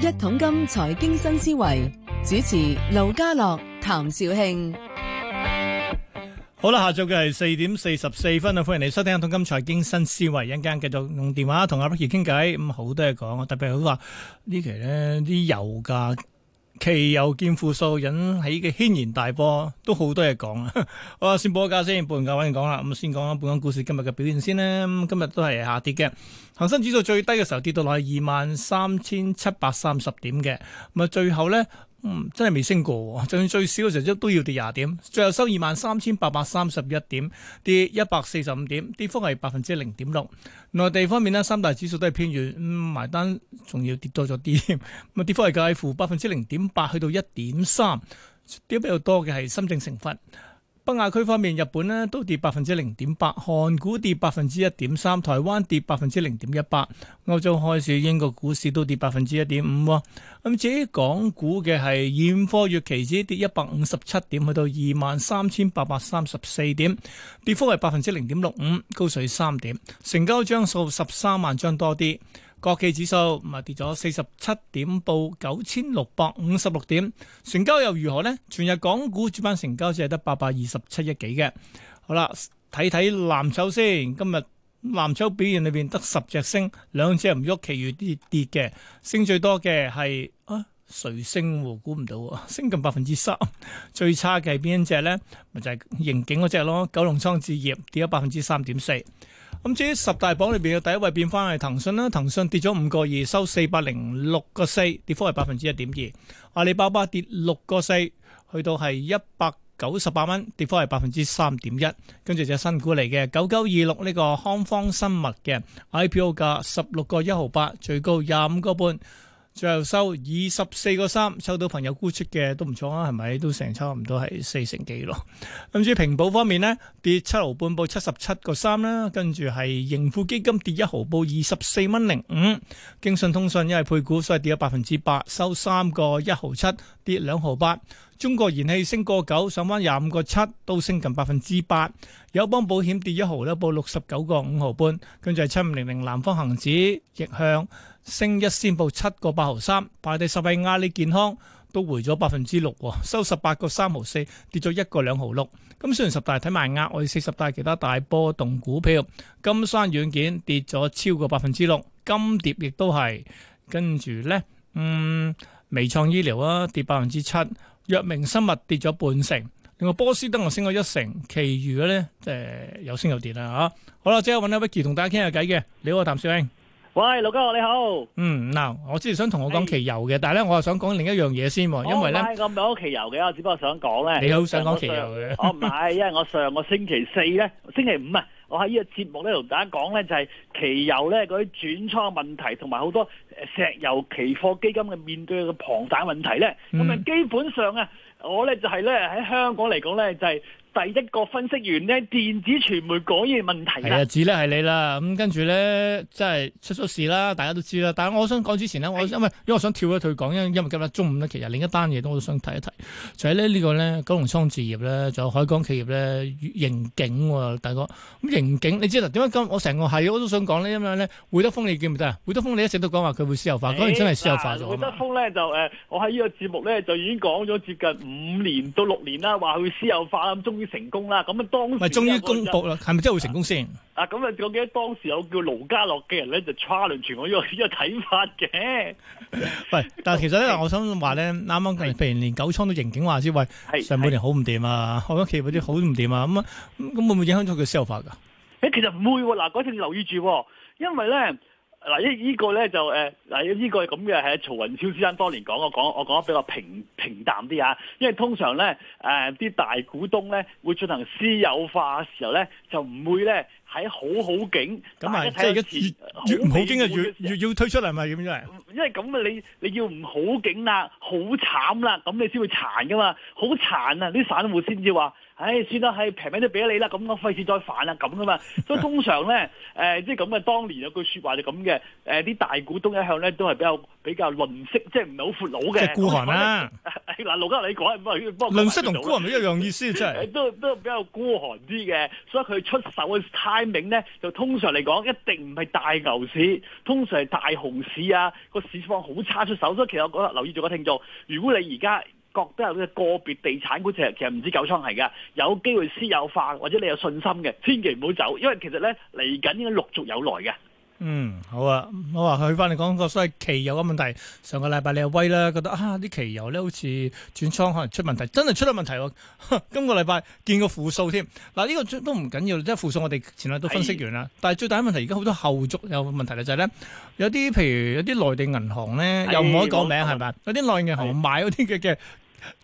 一桶金財經新思維，主持盧家樂、譚兆慶，好啦，下晝嘅係四點四十四分啊！歡迎你收聽一桶金財經新思維，一陣間繼續用電話同阿 Bicky 傾偈，咁好多嘢講啊！特別係佢話呢期咧啲油價。其有見負數引起嘅軒然大波，都多 好多嘢講啊。好啊，先報價先，報完價可以講啦。咁先講下本港股市今日嘅表現先咧。今日都係下跌嘅，恒生指數最低嘅時候跌到落去二萬三千七百三十點嘅。咁啊，最後咧。嗯，真係未升過，就算最少嘅時候都要跌廿點，最後收二萬三千八百三十一點，跌一百四十五點，跌幅係百分之零點六。內地方面咧，三大指數都係偏軟埋單，仲要跌多咗啲添，咁啊跌幅係介乎百分之零點八去到一點三，跌比較多嘅係深證成分。北亞區方面，日本咧都跌百分之零點八，韓股跌百分之一點三，台灣跌百分之零點一八。歐洲開市，英國股市都跌百分之一點五。咁至於港股嘅係，現貨月期指跌一百五十七點，去到二萬三千八百三十四點，跌幅係百分之零點六五，高水三點，成交張數十三萬張多啲。國企指數咪跌咗四十七點，報九千六百五十六點。成交又如何呢？全日港股主板成交只係得八百二十七億幾嘅。好啦，睇睇藍籌先。今日藍籌表現裏邊得十隻升，兩隻唔喐，其餘跌跌嘅。升最多嘅係啊，誰升喎、啊？估唔到、啊，升近百分之三。 最差嘅係邊一隻呢？咪就係刑警嗰隻咯。九龍倉置業跌咗百分之三點四。咁至於十大榜裏邊嘅第一位變翻係騰訊啦，騰訊跌咗五個二，收四百零六個四，跌幅係百分之一點二。阿里巴巴跌六個四，去到係一百九十八蚊，跌幅係百分之三點一。跟住就新股嚟嘅九九二六呢個康方生物嘅 IPO 價十六個一毫八，最高廿五個半。最後收二十四個三，收到朋友估出嘅都唔錯啊，係咪都成差唔多係四成幾咯。 咁至於平保方面呢，跌七毫半報七十七個三啦，跟住係盈富基金跌一毫報二十四蚊零五，京信通訊因為配股所以跌咗百分之八，收三個一毫七。跌兩毫八，中國燃氣升過九，上翻廿五個七，都升近百分之八。友邦保險跌一毫咧，報六十九個五毫半。跟住係七五零零南方恒指逆向升一仙報七個八毫三。排第十位阿里健康都回咗百分之六，收十八個三毫四，跌咗一個兩毫六。咁雖然十大睇埋亞，我哋四十大其他大波動股票，金山軟件跌咗超過百分之六，金蝶亦都係。跟住咧，嗯。微創醫療啊跌百分之七，藥明生物跌咗半成，另外波斯登又升咗一成，其餘嘅咧即係有升有跌啊吓。好啦，即刻揾阿 Vicky 同大家傾下偈嘅。你好，啊，譚紹興。喂，盧哥你好。嗯嗱，我之前想同我講期油嘅，哎、但係咧我又想講另一樣嘢先喎，因為咧我唔係咁好講期油嘅，我只不過想講咧你好想講期油嘅。我唔係， 因為我上個星期四咧，星期五啊。我喺呢個節目咧，同大家講咧，就係期油咧嗰啲轉倉問題，同埋好多誒石油期貨基金嘅面對嘅龐大問題咧。咁啊、嗯，基本上啊，我咧就係咧喺香港嚟講咧，就係、是。第一個分析員呢，電子傳媒講嘢問題啦，指咧係你啦。咁跟住咧，即係出咗事啦，大家都知啦。但係我想講之前呢，的我因為因為想跳一跳講，因因為今日中午呢，其實另一單嘢都我都想睇一睇。就係、是、咧呢個咧九龍倉置業咧，仲有海港企業咧，盈景、啊、大哥咁盈景，你知啦，點解我成個係我都想講呢？因為呢，會德豐你記唔記得啊？會德豐你一直都講話佢會私有化，嗰陣的真係私有化咗。會、啊、德豐呢，就誒，我喺呢個節目呢，就已經講咗接近五年到六年啦，話佢私有化咁成功啦，咁啊當時，咪終於公佈啦，係咪真會成功先？啊，咁啊，我記得當時有叫盧家樂嘅人咧，就 challenge 我呢、呢個睇法嘅。喂， 但係其實咧， 我想話咧，啱啱譬如連九倉都盈警話，先喂上半年好唔掂啊，是期好多企業嗰啲好唔掂啊，咁啊，咁會唔會影響咗佢 sell 法㗎？誒，其實唔會喎、啊，嗱，嗰你留意住、啊，因為咧。嗱呢呢個咧，就誒，嗱呢個咁嘅係曹雲超先生多年講，我講我講得比較平平淡啲啊，因為通常咧，誒啲大股東咧會進行私有化嘅時候咧，就唔會咧喺好好景咁啊，即係一好唔好景啊，要要要，要推出嚟咪點啫？因為咁啊，你你要唔好景啦，好慘啦，咁你先會殘㗎嘛，好殘啊！啲散戶先至話。唉，算啦，係平平都俾你啦，咁我費事再煩啦、啊，咁噶嘛。所以通常咧，誒、 呃、即係咁嘅。當年有句説話就咁嘅，誒啲、呃、大股東一向咧都係比較比較吝嗇，即係唔係好闊佬嘅孤寒啦、啊。嗱，盧、 啊、家你講係唔係，不過吝嗇同孤寒係一樣意思，即係。都都比較孤寒啲嘅，所以佢出手嘅 timing 咧，就通常嚟講一定唔係大牛市，通常係大熊市啊。個市況好差，出手。所以其實我覺得留意住個聽眾，如果你而家，覺得有啲個別地產股其實其實唔知九倉係嘅，有機會私有化或者你有信心嘅，千祈唔好走，因為其實咧嚟緊應該陸續有來嘅。嗯，好啊，我話佢返嚟講個所謂期油嘅問題，上個禮拜你又威啦，覺得啊啲期油咧好似轉倉可能出問題，真係出咗問題喎。今個禮拜見個負數添，嗱呢個都唔緊要，即係負數我哋前兩日都分析完啦。但係最大問題而家好多後續有問題咧，就係咧有啲譬如有啲內地銀行咧又唔可以講名係咪？有啲內地銀行買嗰啲嘅嘅。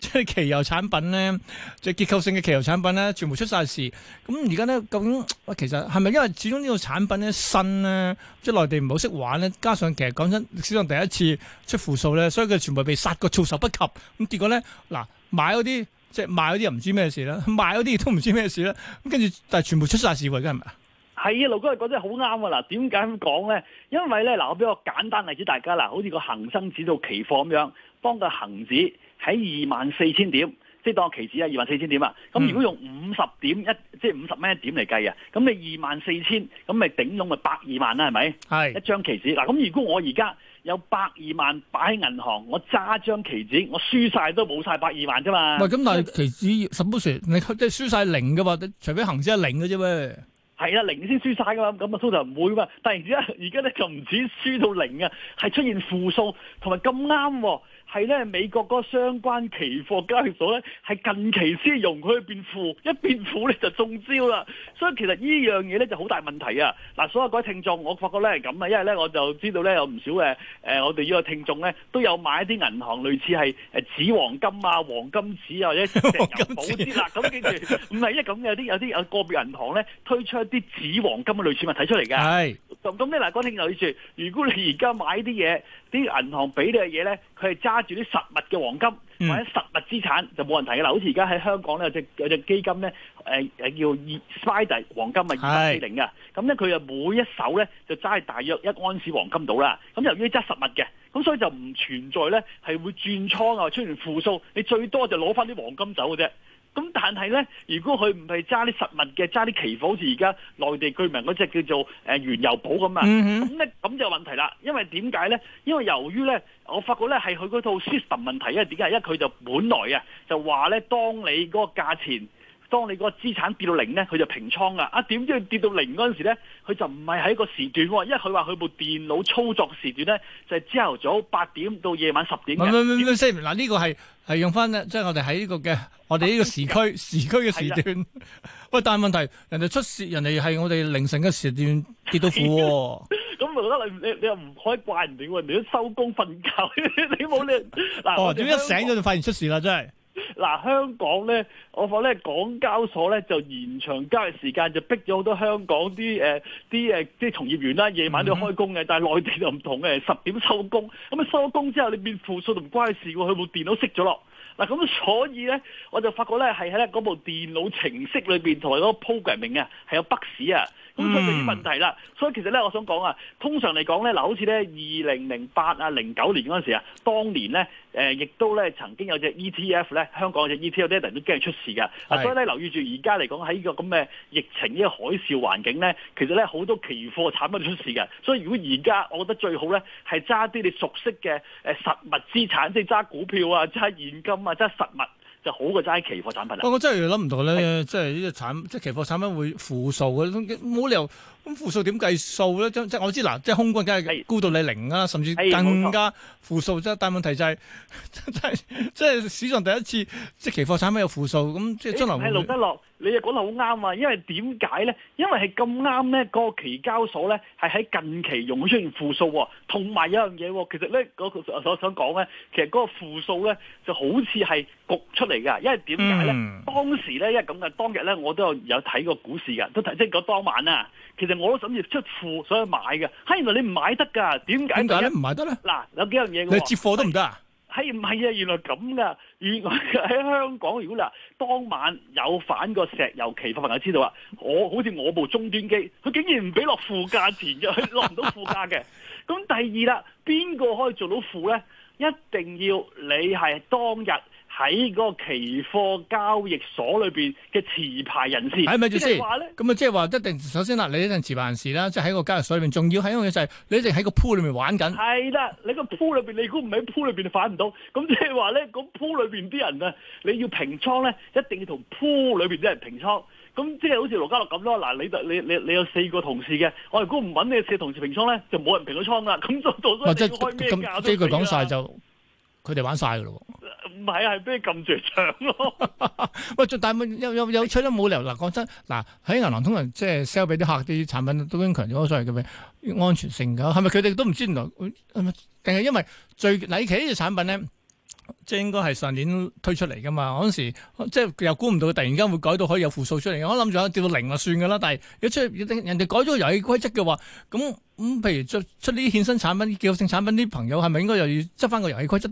即係期油產品咧，即係結構性嘅期油產品咧，全部出晒事。咁而家咧，究竟喂、啊，其實係咪因為始終呢個產品咧新咧，即係內地唔好識玩咧，加上其實講真，史上第一次出負數咧，所以佢全部被殺過措手不及。咁結果咧，嗱、啊、買嗰啲即係賣嗰啲又唔知咩事啦，賣嗰啲都唔知咩事啦。咁跟住，但係全部出晒事喎，而家係咪啊？係啊，老哥覺，講得好啱啊！嗱，點解咁講咧？因為咧，嗱，我俾個簡單例子大家啦，好似個恒生指數期貨咁樣，當個恒指喺二萬四千點，即係當個期指啊，二萬四千點啊。咁如果用五十點一，即係五十蚊一點嚟計啊，咁你二萬四千，咁咪頂籠咪百二萬啦？係咪？係一張期指嗱。咁如果我而家有百二萬擺喺銀行，我揸張期指，我輸晒都冇晒百二萬啫嘛。喂，咁但係期指，就是、什麼時你即係輸晒零嘅嘛？除非恒指係零嘅啫喎。係啦，零先輸晒㗎嘛，咁啊通常唔會㗎。但係突然之間而家而家咧就唔止輸到零啊，係出現負數，同埋咁啱，係咧美國嗰相關期貨交易所咧係近期先容佢去變負，一變負咧就中招啦。所以其實呢樣嘢咧就好大問題啊！嗱，所有各位聽眾，我發覺咧係咁啊，因為咧我就知道咧有唔少嘅誒、呃，我哋呢個聽眾咧都有買一啲銀行類似係誒紙黃金啊、黃金紙啊，或者石油寶啲啦。咁跟住唔係咧咁有啲有啲有個別銀行咧推出。啲紙黃金嘅類似物睇出嚟嘅，咁咁咧嗱，講聽留意住，如果你而家買啲嘢，啲銀行俾你嘅嘢咧，佢係揸住啲實物嘅黃金或者實物資產，就冇問題㗎。嗱，好似而家喺香港咧有隻有隻基金咧，誒、呃、誒叫、e、Spider 黃金二八四零嘅，咁咧佢就每一手咧就揸喺大約一安士黃金度啦。咁由於揸實物嘅，咁所以就唔存在咧係會轉倉啊，出現負數，你最多就攞翻啲黃金走嘅啫。咁但係咧，如果佢唔係揸啲實物嘅，揸啲期貨，好似而家內地居民嗰隻叫做誒原油寶咁啊，咁咧咁就問題啦。因為點解咧？因為由於咧，我發覺咧係佢嗰套 system 問題，為因為點解？因為佢就本來啊就話咧，當你嗰個價錢。當你個資產跌到零咧，佢就平倉噶。啊，點知佢跌到零嗰陣時咧，佢就唔係喺個時段，因為佢話佢部電腦操作時段咧，就係朝頭早八點到夜晚十點。嗱，呢個係係用翻咧，即係我哋喺呢個嘅我哋呢個時區時區嘅時段。喂，但係問題，人哋出事，人哋係我哋凌晨嘅時段跌到負。咁我覺得你你你又唔可以怪人哋，人哋都收工瞓覺，你冇理你。哦，點知一醒咗就發現出事啦，真係。嗱、啊，香港咧，我發覺咧港交所咧就延長交易時間，就逼咗好多香港啲誒啲誒即係從業員啦，夜晚都要開工嘅。但係內地就唔同嘅，十點收工。咁啊收咗工之後，你變負數同唔關事喎。佢部電腦熄咗落。嗱、啊，咁、嗯、所以咧，我就發覺咧係喺咧嗰部電腦程式裏邊同埋嗰個 programming m 啊，係有北市啊。咁出咗啲問題啦，所以其實咧，我想講啊，通常嚟講咧，嗱，好似咧二零零八啊零九年嗰陣時啊，當年咧，誒、呃，亦都咧曾經有隻 ETF 咧，香港嘅 ETF 有啲人都驚出事嘅，啊，所以咧留意住而家嚟講喺呢個咁嘅疫情呢、呢個海嘯環境咧，其實咧好多期貨產品出事嘅，所以如果而家我覺得最好咧係揸啲你熟悉嘅誒實物資產，即係揸股票啊，揸現金啊，揸實物。就好過齋期貨產品，不過、啊、我真係諗唔到咧是、啊，即係呢個產即係期貨產品會負數嘅，冇理由咁負數點計數咧？即即我知嗱，即係空軍梗係沽到你零啊，是甚至更加負數。是錯即係但問題就係，即係史上第一次即係期貨產品有負數咁，即係將來。你又講得好啱啊！因為點解咧？因為係咁啱咧，嗰、嗰個期交所咧係喺近期容許出現負數喎、啊，同埋有樣嘢喎。其實咧，嗰個我，我想講咧，其實嗰個負數咧就好似係焗出嚟㗎。因為點解咧？嗯、當時咧，因為咁嘅當日咧，我都有有睇過股市㗎，都睇即係嗰當晚啊。其實我都想要出負，所以買㗎。係，原來你唔買得㗎？點解？點解唔買得咧？嗱，有幾樣嘢、啊、你接貨都唔得、啊。係唔係啊？原來咁噶，原來喺香港，如果嗱當晚有反過石油期貨，朋友知道啊，我好似我部終端機，佢竟然唔俾落副價錢嘅，佢落唔到副價嘅。咁第二啦，邊個可以做到副呢？一定要你係當日，喺個期貨交易所裏邊嘅持牌人士，係咪住先？咁啊，即係話一定，首先啦，你呢陣持牌人士啦，即係喺個交易所裏邊，仲要喺一樣嘢就係你一定喺個鋪裏面玩緊。係啦，你個鋪裏邊，你如果唔喺鋪裏邊反唔到，咁即係話咧，嗰鋪裏邊啲人啊，你要平倉咧，一定要同鋪裏邊啲人平倉。咁即係好似羅嘉樂咁咯，嗱，你你你你有四個同事嘅，我如果唔揾你四個同事平倉咧，就冇人平咗倉啦。咁都都都即係佢講晒就。佢哋玩曬噶咯，唔係係俾你撳住牆咯。喂，仲但有有有出咗冇理由嗱，講真嗱，喺銀行通常即係 sell 俾啲客啲產品都強調咗所謂嘅咩安全性噶，係咪佢哋都唔知原來？係咪定係因為最離奇呢隻產品咧？即係應該係上年推出嚟噶嘛？嗰陣時即係又估唔到佢突然間會改到可以有負數出嚟。我諗住掉到零就算噶啦。但係如果出人哋改咗遊戲規則嘅話，咁咁譬如出出呢啲衍生產品、結構性產品啲朋友係咪應該又要執翻個遊戲規則，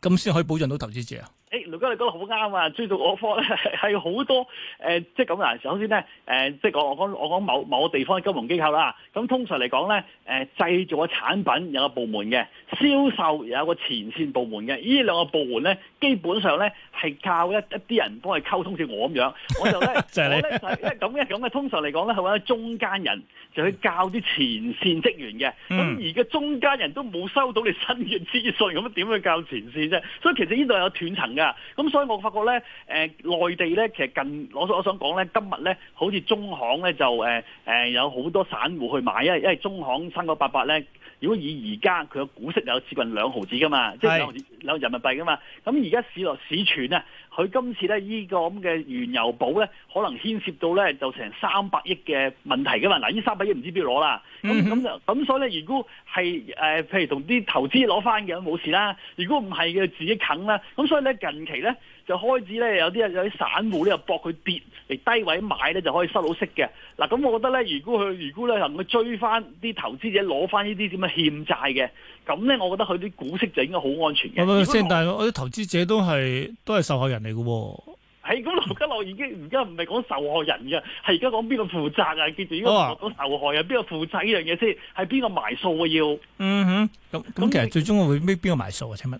咁先可以保障到投資者啊？誒劉、哎、哥，你講得好啱啊！追到我科咧，係好多誒、呃，即係咁啊！首先咧，誒、呃，即係我我講我講某某個地方嘅金融機構啦。咁通常嚟講咧，誒、呃、製造嘅產品有個部門嘅，銷售有個前線部門嘅。呢兩個部門咧，基本上咧係靠一一啲人幫佢溝通，似我咁樣。我就咧，就係你，即係咁嘅咁嘅。通常嚟講咧，係揾啲中間人，就去教啲前線職員嘅。咁、嗯、而家中間人都冇收到你新嘅資訊，咁點去教前線啫？所以其實呢度有斷層嘅。咁所以我發覺咧，誒、呃、內地咧，其實近攞我想講咧，今日咧，好似中行咧就誒誒、呃呃、有好多散戶去買，因為因為中行三九八八咧，如果以而家佢嘅股息有接近兩毫子噶嘛，是即係兩毫子兩人民幣噶嘛，咁而家市落市寸咧。佢今次咧呢、呢個咁嘅原油寶咧，可能牽涉到咧就成三百億嘅問題噶嘛嗱，呢三百億唔知邊度攞啦，咁咁就咁所以咧，如果係誒、呃、譬如同啲投資攞翻嘅冇事啦，如果唔係嘅自己啃啦，咁所以咧近期咧就開始咧有啲有啲散戶咧就搏佢跌嚟低位買咧就可以收到息嘅，嗱，咁我覺得咧如果佢如果咧能夠追翻啲投資者攞翻呢啲點樣欠債嘅，咁咧我覺得佢啲股息就應該好安全嘅。先，但係我啲投資者都係都係受害人。嚟嘅係咁，劉德樂已經而家唔係講受害人嘅，係而家講邊個負責啊？跟住依家講受害人邊個負責呢樣嘢先，係邊個埋數啊？要嗯哼，咁、嗯、咁、嗯、 其實最終會咩？邊個埋數啊？請問？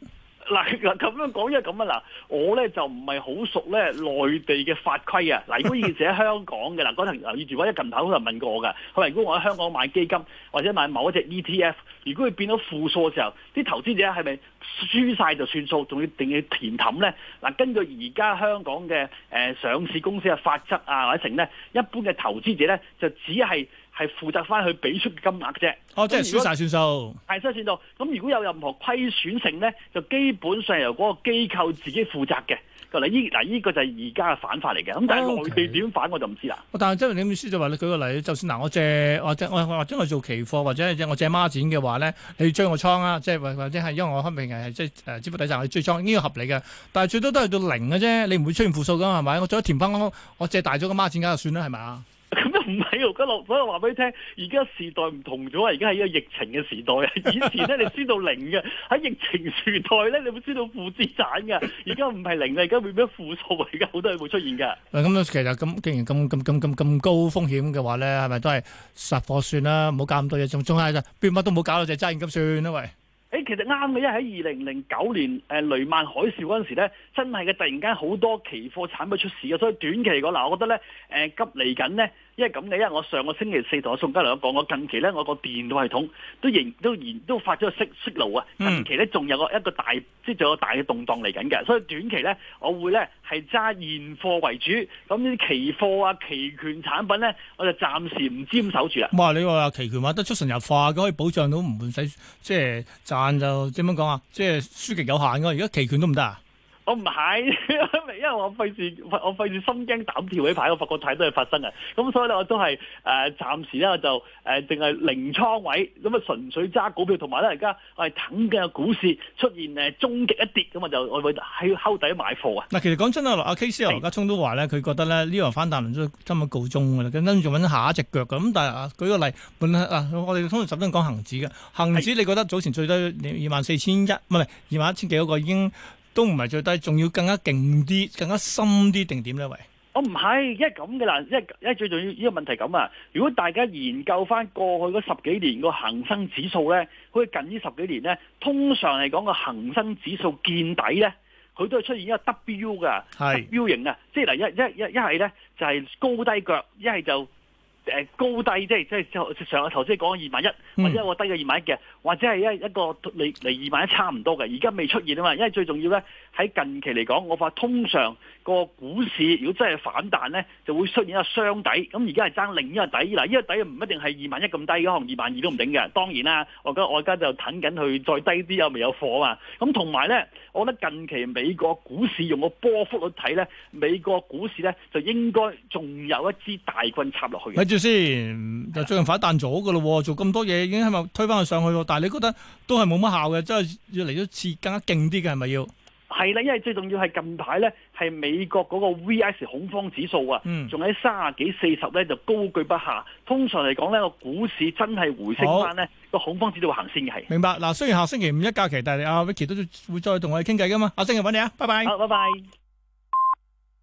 嗱嗱咁樣講，因為咁啊，嗱，我咧就唔係好熟咧內地嘅法規啊。嗱，如果以前喺香港嘅嗱，嗰陣留意住，我一近排好多人就問過我㗎，佢話如果我喺香港買基金或者買某一隻 ETF，如果佢變咗負數嘅時候，啲投資者係咪輸晒就算數，仲要定要填氹咧？嗱，根據而家香港嘅誒上市公司嘅法則啊，或者成咧，一般嘅投資者咧就只係，係負責翻去俾出金額啫，哦，即係少晒算數，係輸晒算數。咁如果有任何虧損性咧，就基本上由嗰個機構自己負責嘅。嗱，依嗱呢個就係而家嘅反法嚟嘅。咁但係佢點反我就唔知啦。Okay. 但係即係你咁意思就話，你舉個例，就算嗱，我借我借我我我將我做期貨或者我借孖展嘅話咧，你追我倉啊，即係或或者係因為我開平係即係誒支付底層去追倉，呢個合理嘅。但係最多都係到零嘅啫，你唔會出現負數㗎嘛係咪？我再填翻我我借大咗嘅孖展梗就算啦係咪啊？我所以話俾你聽，而家時代唔同咗啊！而家係一個疫情嘅時代啊。以前咧，你知道零嘅，喺疫情時代咧，你會知道負資產嘅。而家唔係零啊，而家會咩負數啊？而家好多嘢會出現噶。咁樣其實咁，既然咁咁咁咁咁高風險嘅話咧，係咪都係實貨算啦？唔好搞咁多嘢，仲仲係就邊乜都唔好搞咯，就揸現金算啦。喂，誒，其實啱嘅，因為喺二零零九年誒，雷曼海嘯嗰陣時咧，真係嘅突然間好多期貨產品出事啊，所以短期嚟講，嗱，我覺得咧，誒，急嚟緊咧。因為咁，你因為我上個星期四同我宋嘉良講，我近期咧，我個電腦系統都仍都仍都，都發咗息息路啊！近期咧，仲有個一個大，即係仲有個大嘅動盪嚟緊嘅，所以短期咧，我會咧係揸現貨為主，咁呢啲期貨啊、期權產品咧，我就暫時唔沾手住啦。唔係，你話期權話得出神入化，佢可以保障到唔使即係賺就點樣講啊？即係輸極有限噶，而家期權都唔得啊！我唔係，因為我費事，我費事心驚膽跳喺排，我發覺睇都係發生嘅。咁所以咧，我都係誒、呃、暫時咧，就誒淨係零倉位，咁啊純粹揸股票，同埋咧而家我係等嘅股市出現誒終極一跌，咁我就我會喺溝底買貨啊。嗱，其實講真啊，阿 KC 啊，羅家聰都話咧，佢覺得咧呢輪翻大輪都差唔多告終噶啦，跟住仲揾下一隻腳咁，但係啊，舉個例，本啊，我哋通常十點講恒指嘅恒指，你覺得早前最低二萬四千一，唔係二萬一千幾嗰個已經。都唔係最低，仲要更加勁啲、更加深啲定點呢？喂！我唔係，因為咁嘅啦，因為因為最重要呢個問題咁啊！如果大家研究翻過去嗰十幾年個恒生指數呢，佢近呢十幾年呢，通常嚟講個恒生指數見底呢，佢都係出現一個 W 噶是，W 型啊！即係嗱，一一一一係咧就係高低腳，一係就。誒高低即係即係上頭先講二萬一，或者我低過二萬一嘅，或者係一一個嚟嚟二萬一差唔多嘅，而家未出現啊嘛。因為最重要咧，喺近期嚟講，我發通常個股市如果真係反彈咧，就會出現一個雙底。咁而家係爭另一個底嗱，呢個底唔一定係二萬一咁低，可能二萬二都唔定嘅。當然啦，我而家我而家就等緊去再低啲啊，未有貨啊。咁同埋咧，我覺得近期美國股市用個波幅去睇咧，美國股市咧就應該仲有一支大棍插落去住先，就最近反彈咗嘅咯喎，做咁多嘢已經喺度推返佢上去咯。但係你覺得都係冇乜效嘅，真係要嚟多次更加勁啲嘅係咪要？係啦，因為最重要係近排咧，係美國嗰個 VIX 恐慌指數啊，仲喺卅幾四十咧就高居不下。通常嚟講咧，個股市真係回升翻咧，個好恐慌指數會行先嘅係。明白嗱，雖然下星期五一假期，但係阿 Vicky 都會再同我哋傾偈噶嘛。下星期揾你啊，拜拜。拜拜。